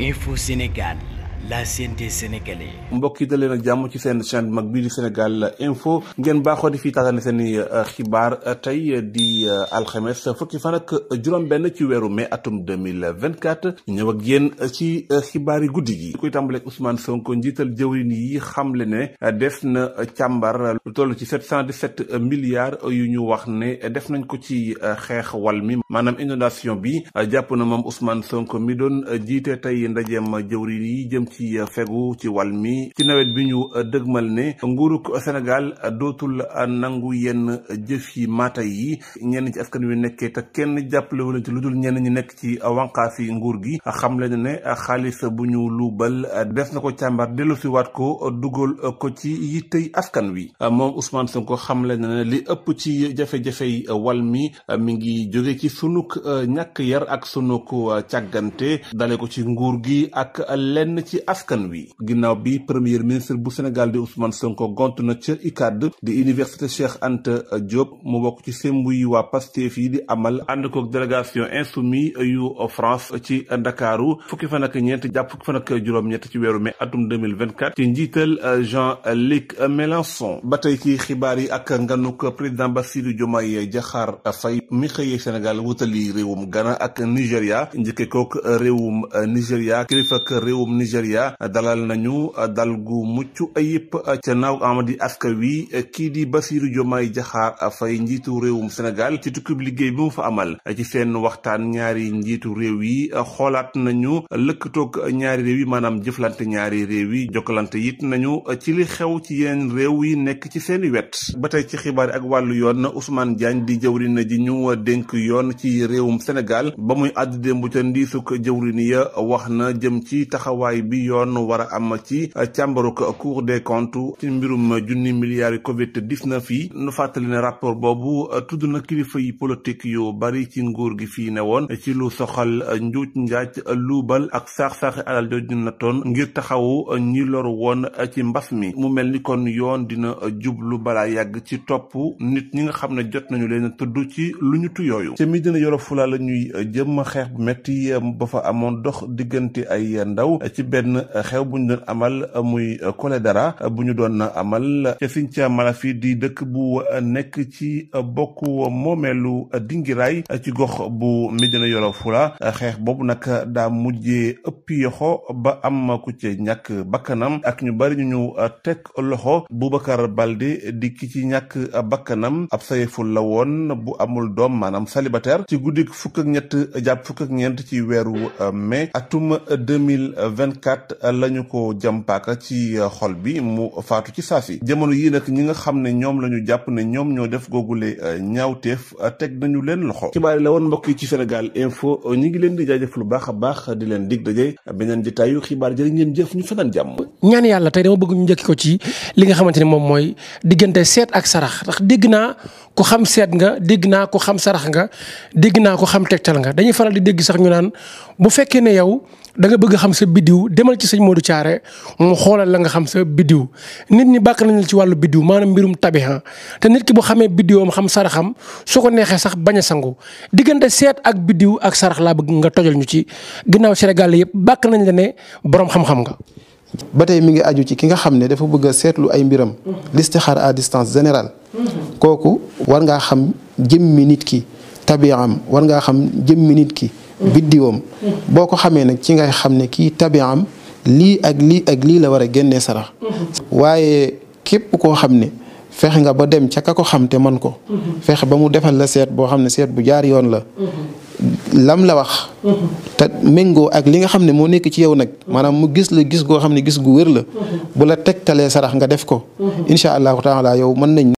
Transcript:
Info Sénégal. la CNT sénégalais. mbokk yi da leen jàmm ci seen chaîne mag bii di Sénégal info ngeen baaxoo di fii na seen i euh, xibaar euh, tey euh, di alxames fukki fan ak juróom-benn ci weeru mai atum 2024 ñëw ak yéen ci xibaar yi guddi gi. koy tàmbaleeg Ousmane Sonko njiital jëwriñ yi xamle ne def na càmbar lu toll ci 717 milliards yu ñu wax ne def nañ ko ci xeex wal mi maanaam inondation bi jàpp na moom Ousmane Sonko mi doon jiite tey ndajeem jëwriñ yi jëm ci. ci fegu ci wàll mi ci nawet bi ñu dëgmal ne nguuruk Sénégal dootul nangu yenn jëf yi maata yi ñenn ci askan wi nekkee te kenn jàppalewu ci lu dul ñenn ñi nekk ci wànqaasi nguur gi xam leen ne xaalis bu ñu luubal des na ko càmbar dellusiwaat ko dugal ko ci yi yittey askan wi moom usmaan Ousmane ko xam leen ne li ëpp ci jafe-jafey wal mi mi ngi jóge ci sunuk ñàkk yar ak sunuk càggante dale ko ci nguur gi ak lenn ci askan wi ginnaw bi premier ministre bu Sénégal di Ousmane Sonko gont na ca UCAD di université Cheikh Anta Diop mu bok ci sembu yi Pastef yi di amal and ko délégation insoumise yu France ci Ndakaaru fukki fan ak ñeent jàpp fukki fan ak ci mai atum 2024 ci euh, Jean-Luc Mélenchon batay ki ci xibaar yi ak nganuk président Bassirou Diomaye jaxar fay mi Sénégal wutali réewum Ghana ak nigeria njëkkee kook réewum euh, Nigéria kilifa ak réewum Nigéria Nigéria dalal nañu dal gu mucc ayib ca naaw Amady askan wi kii di Bassirou Diomaye Diakhar fay njiitu réewum senegal ci tukkib liggéey bi mu fa amal ci seen waxtaan ñaari njiitu réew yi xoolaat nañu lëkkatoog ñaari réew yi maanaam jëflante ñaari réew yi jokkalante it nañu ci li xew ci yenn réew yi nekk ci seeni wet ba tey ci xibaar ak wàllu yoon Ousmane Diagne di jëwrin ji ñu dénk yoon ci réewum senegal ba muy àdd démb ca ndiisuk jëwrin ya wax na jëm ci bi yoon war a am ci càmbaruk cour des comptes ci mbirum junni milliards yi covid yi nu fàttali ne rapport boobu tudd na kilifa yi politique yu bari ci nguur gi fii ne woon ci lu soxal njuuj njaaj luubal ak saax-saaxi alal jooju na toon ngir taxawu ñi loru woon ci mbas mi mu mel ni kon yoon dina jublu balaa yàgg ci topp nit ñi nga xam ne jot nañu leen tudd ci lu ñu tu yooyu ca Médina Yoro Foulah la ñuy jëm xeex bu metti ba fa amoon dox diggante ay ndaw ci benn xew bu ñu doon amal muy dara bu ñu doon amal ca Sinthiou Malafie di dëkk bu nekk ci bokk moomeelu dingiraay ci gox bu Médina Yoro Fula xeex boobu nag daa mujjee ëppi yoxo ba am ku ci ñàkk bakkanam ak ñu bari ñu ñu teg loxo Boubacar Baldé di ki ci ñàkk bakkanam ab sayeful la woon bu amul doom maanaam célibataire ci guddik fukk ñett jàpp fukk ñeent ci weeru mai atum at lañu ko jam paaka ci euh, xol bi mu faatu ci saasi jamono yii nag ñi nga xam ne ñoom la ñu jàpp ne ñoom ñoo def googule euh, ñaawteef euh, teg nañu leen loxo xibaar yi la woon mbokk yi ci Sénégal info ñi ngi leen di jaajëf lu baax a baax di leen dig daje beneen jotaayu xibaar jërë ngeen jëf ñu fanaan jàmm ñaan yàlla tey dama bëgg ñu njëkki ko ci li nga xamante ne moom mooy diggante seet ak sarax ndax dégg naa ku xam seet nga dégg naa ko xam sarax nga dégg naa ko xam tegtal nga dañuy faral di dégg sax ñu naan bu fekkee ne yow da bëgg xam sa biddiw demal ci seigne Modou tiaré mu xolal la nga xam sa bidiw nit ñi bàkk nañ ci walu bidiw manam mbirum tabiha te nit ki bu bidiw am xam saraxam su ko nexé sax baña sangu digënde set ak bidiw ak sarax la bëgg nga tojal ñu ci ginnaw Sénégal yépp bàkk nañ la né borom xam-xam nga. batay mi ngi aju ci ki nga xamné dafa bëgg a ay mbiram. Mm-hmm. listixaar à distance générale. Mm-hmm. koku war nga xam jëmmi nit ki tabiaam war nga xam jëmmi nit ki. Mm-hmm. bidiwom boko ko nak ci ngay xamné ki kii lii ak lii ak lii la war a génnee sarax waaye képp koo xam ne fexe nga ba dem ca ka ko xam te man ko fexe ba mu defal la seet boo xam ne seet bu jaar yoon la lam la wax te méngoo ak li nga xam ne moo nekk ci yow nag maanaam mu gis la gis goo xam ne gis gu wér la bu la tegtalee sarax nga def ko incha allahu taala yow mën nañ